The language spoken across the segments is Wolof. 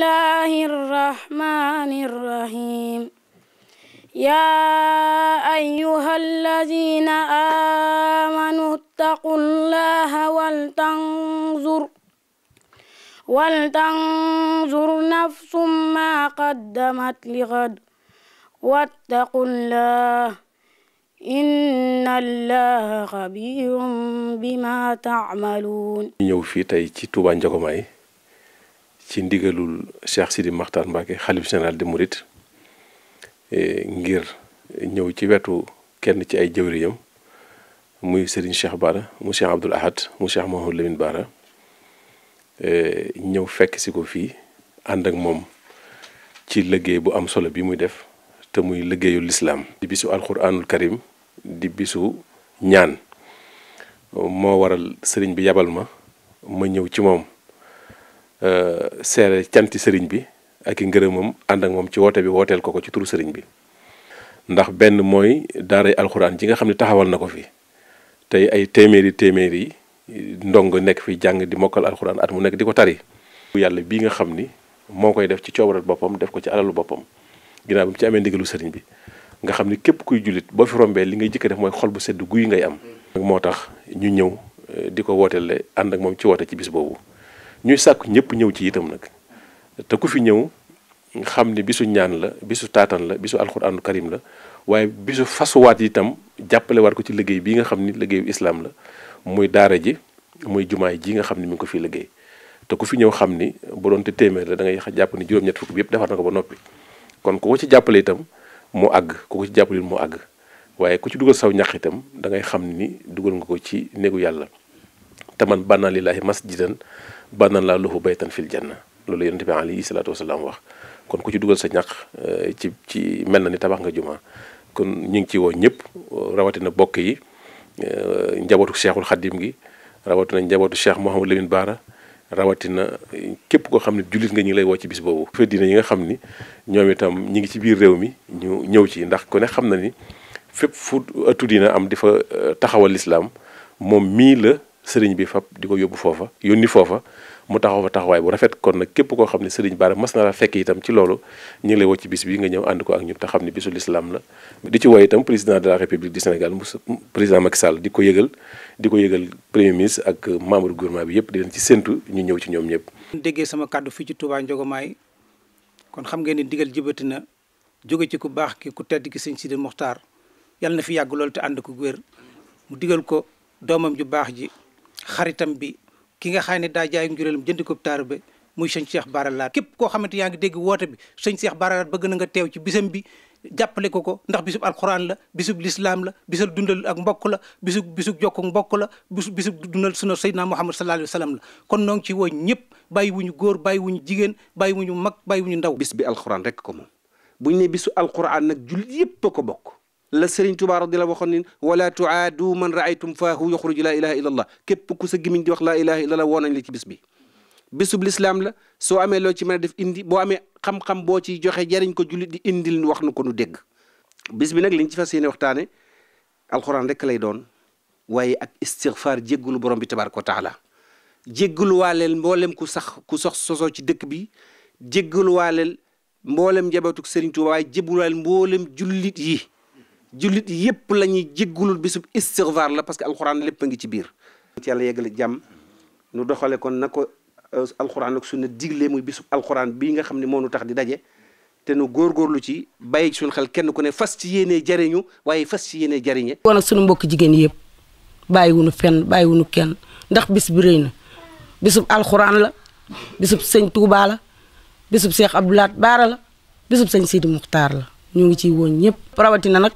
الله الرحمن الرحيم يا أيها الذين آمنوا اتقوا الله ولتنظر ولتنظر نفس ما قدمت لغد واتقوا الله إن الله خبير بما تعملون ci ndigalul Cheikh Sidi Makhtar Mbacke xalif général de Mouride e, ngir ñëw ci wetu kenn ci ay jëwriñam muy Serigne Cheikh Bara mu Cheikh Abdoul Ahad mu Cheikh Mouhamadou Lamine Bara e, ñëw fekk si ko fii ànd ak moom ci liggéey bu am solo bi muy def te muy liggéeyu lislaam di bisu alquranul karim di bisu ñaan moo waral sëriñ bi yabal ma ma ñëw ci moom Euh, seere canti sëriñ bi ak i ngërëmam ànd ak moom ci woote bi wooteel ko ko ci turu sëriñ bi ndax benn mooy daaray alxuraan ji nga xam ne taxawal na ko fi tey ay téeméeri téeméeri ndong nekk fi jàng di mokkal alxuraan at mu nekk di ko tari. yàlla bii nga xam ni moo koy def ci coobaral boppam def ko ci alalu boppam ginnaaw bi mu ci amee ndigalu sëriñ bi nga xam ni képp kuy jullit boo fi rombee li ngay jëkk def mooy xol bu sedd guy ngay am. moo tax ñu ñëw euh, di ko wooteel ànd ak moom ci woote ci bis boobu. ñuy sàkk ñëpp ñëw ci itam nag te ku fi ñëw xam ne bisu ñaan la bisu taatan la bisu alxuraanu karim la waaye bisu fasuwaat itam jàppale waat ko ci liggéey bii nga xam ni liggéeyu islaam la muy daara ji muy jumaay ji nga xam ni mi ngi ko fi liggéey te ku fi ñëw xam ni bu doon te téeméer la da ngay jàpp ni juróom-ñett fukk bi yëpp defar na ko ba noppi kon ku ko ci jàppale itam mu àgg ku ko ci jàppale mu àgg waaye ku ci dugal saw ñax itam da ngay xam ni dugal nga ko ci néegu yàlla te man bànnaa lillaahi masjidan bànnaa laa lahu baytan fil janna loolu yonent bi alayhi salaatu wasalaam wax kon ku ci dugal sa ñax eh, ci ci mel na ni tabax nga jumaa kon ñu ngi ci woo ñëpp rawatina bokk yi eh, njabootu cheikhul xadim gi rawatina njabootu cheikh Mouhamadou Lamine Baara rawatina eh, képp koo xam ne jullit nga ñu lay woo ci bis boobu fe dina nga xam ni ñoom itam ñi ngi ci biir réew mi ñu ñëw ci ndax ko ne xam na ni fépp fu ëttu dina am di fa taxawal lislaam moom mii la sëriñ bi fab di ko yóbbu foofa yónni foofa mu taxaw fa taxawaay bu rafet kon nag képp koo xam ne sëriñ Bara mas na la fekk itam ci loolu ñu ngi lay woo bis bi nga ñëw ànd ko ak ñun te xam ne bisu la di ci woo itam président de la république du Sénégal mu Macky Sall di ko yëgal di ko yëgal premier ministre ak membre gouvernement bi yëpp di leen ci séntu ñu ñëw ci ñoom ñëpp déggee sama kàddu fii ci Touba Ndiogomaay kon xam ngeen ne digal jëbati na jóge ci ku baax ki ku tedd ki sëñ Sidi Moxtaar yàlla na fi yàgg loolu te ànd ko wér mu digal ko doomam ju baax ji xaritam bi ki nga xam ne daa jaay njureelam jënd ko taalibe bi muy sëñ Cheikh Bara képp koo xamante yaa ngi dégg woote bi sëñ Cheikh Bara bëgg na nga teew ci bisam bi jàppale ko ko ndax bisu alxuraan la bisub la bisub dundal ak mbokk la bisub bisub jokk mbokk la bisu bisub dundal sunu Seydina Muhammad sallallahu alayhi wa sallam la kon noo ngi ci woo ñëpp bàyyi góor bàyyi wuñu jigéen bàyyi wuñu mag bàyyi wuñu ndaw bis bi alxuraan rek ko moom buñ ne bisu alxuraan nag jullit yëpp ko bokk la Serigne Touba radiyallahu waxoon ni wala tuadu man raaytum faahu yukhruj la ilaha illa allah kep ku sa gimiñ di wax la ilaha illa allah wonañ la ci bis bi bisub l'islam la so amé lo ci meuna def indi bo amé xam-xam bo ci joxe jariñ ko julit di indil wax nu ko nu deg bis bi nag liñ ci fasiyene waxtane waxtaane rek lay doon waye ak istighfar jéggalu borom bi tabaraka wa taala jéggalu walel mbollem ku sax ku sox soso ci dëkk bi jéggalu walel mbollem jabatuk Serigne Touba waye jébbalu walel mbollem julit yi jullit yépp la ñuy jéggulul bisub istigfaar la parce que alxuraan lépp a ngi ci biir yàlla yeggale jàmm nu doxale kon na ko euh, alxuraan ak sunna digle muy bisub alxuraan bii nga xam ne moo nu tax di daje te nu lu ci bàyyi suñu xel kenn ku ne fas ci yéenee jariñu waaye fas ci yéenee jariñe kon ak suñu mbokk jigéen yëpp bàyyiwunu fenn bàyyiwunu kenn ndax bis bi rëy na bisub alxuraan la bisub sëñ Touba la bisub Cheikh Abdoulaat Baara la bisub sëñ Sidi Muxtaar la ñu ngi ciy woon ñëpp rawatina nag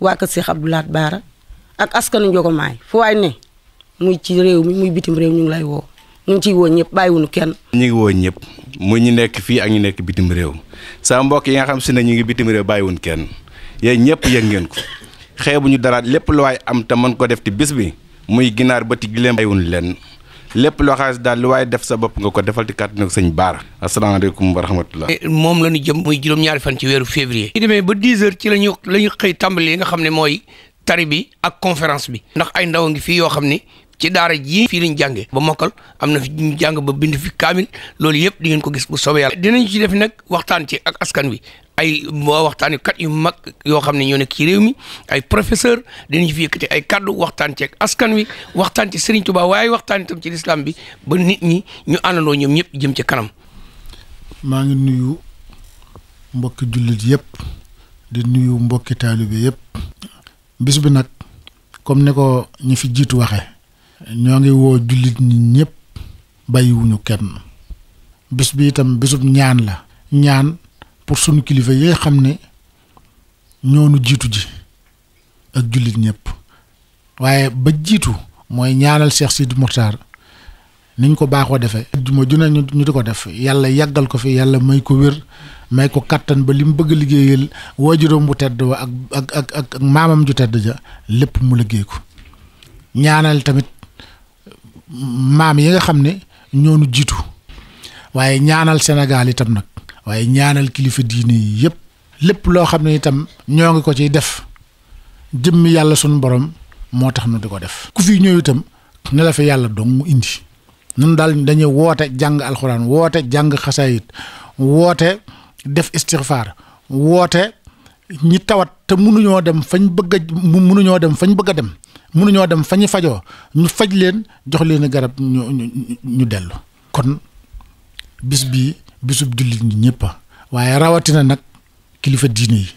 waa kër Cheikh Abdou laat Bara ak askanu Njogomaay fu waay ne muy ci réew mi muy bitim réew ñu ngi lay woo ñu ngi ciy woo ñëpp bàyyiwuñu kenn. ñu ngi woo ñëpp mu ñu nekk fii ak ñu nekk bitim réew sa mbokk yi nga xam si ne ñu ngi bitim réew bàyyiwuñu kenn yéen ñëpp yëg ngeen ko ñu daraat lépp la waay am te mën ko def ci bis bi muy ginaar ba ci gileem bàyyiwuñu leen. lépp lo xass dal li way def sa bop nga ko defal ti carte nak seigne bar assalamu alaykum wa rahmatullah mom lañu jëm muy juróom-ñaari fan ci wéru février ci démé ba 10 h ci lañu lañu xëy tàmbali nga xamné moy tari bi ak conférence bi ndax ay ndaw ngi fi yo xamné ci daara ji fii lañ jànge ba mokkal am na fi ñu jàng ba bind fi kaamil loolu yëpp di ngeen ko gis bu soobee yàlla dinañ ci def nag waxtaan ci ak askan wi ay moo waxtaani kat yu mag yoo xam ne ñoo nekk ci réew mi ay professeur dinañ fi yëkkati ay kàddu waxtaan ci ak askan wi waxtaan ci sëriñ Touba waaye waxtaan itam ci lislaam bi ba nit ñi ñu àndandoo ñoom ñëpp jëm ci kanam. maa ngi nuyu mbokki jullit yëpp di nuyu mbokki taalibe yëpp bis nag comme ni ko ñi fi jiitu waxee. ñoo ngi woo jullit ñi ñëpp bàyyiwuñu kenn bis bi itam bisub ñaan la ñaan pour sunu kilifa yi xam ne ñoonu jiitu ji ak jullit ñépp waaye ba jiitu mooy ñaanal Cheikh Sidi Mokhtar niñ ko baaxoo defee ajjuma ju ne ñu di ko def yàlla yàggal ko fi yàlla may ko wér may ko kàttan ba li mu bëgg a liggéeyal waajuram bu tedd wa ak ak ak ak maamam ju tedd ja lépp mu liggéey ko ñaanal tamit maam yi nga xam ne nu jiitu waaye ñaanal Sénégal itam nag waaye ñaanal kilifa diine yi yëpp lépp loo xam ne itam ñoo ngi ko ciy def jëmm yàlla sunu boroom moo tax nu di ko def ku fi ñëw itam ne fi yàlla dong mu indi nun daal dañuy woote jàng alxuraan woote jàng xasaayit woote def istixfaar woote ñi tawat te munuñoo dem fañ bëgg a munuñoo dem fañ bëgg a dem munuñoo dem fañi fajoo ñu faj leen jox leen garab ñu ñu dellu. kon bis bi bisub jullit ñi ñëpp waaye rawatina nag kilifa diine yi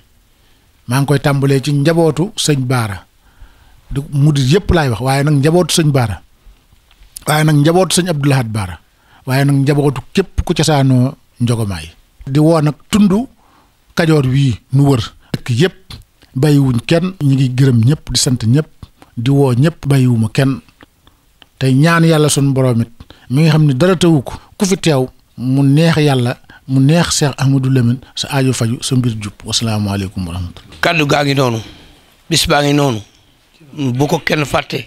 maa ngi koy tàmbalee ci njabootu sëñ Baara du murid yëpp laay wax waaye nag njabootu sëñ Baara waaye nag njabootu sëñ Abdou Lahad Baara waaye nag njabootu képp ku cosaanoo njogomaay. di woo nag tundu kajoor wii nu wër. dëkk yëpp bàyyiwuñ kenn ñu ngi gërëm ñëpp di sant ñëpp di woo ñëpp bàyyiwuma kenn tey ñaan yàlla sun borom it mi nga xam ne dara tawu ko ku fi teew mu neex yàlla mu neex Cheikh Ahmadou Lamine sa aajo faju sa mbir jub wasalaamaaleykum wa rahmatullah gaa ngi noonu bis baa ngi noonu bu ko kenn fàtte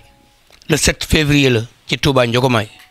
le 7 février la ci Touba Ndiogomaay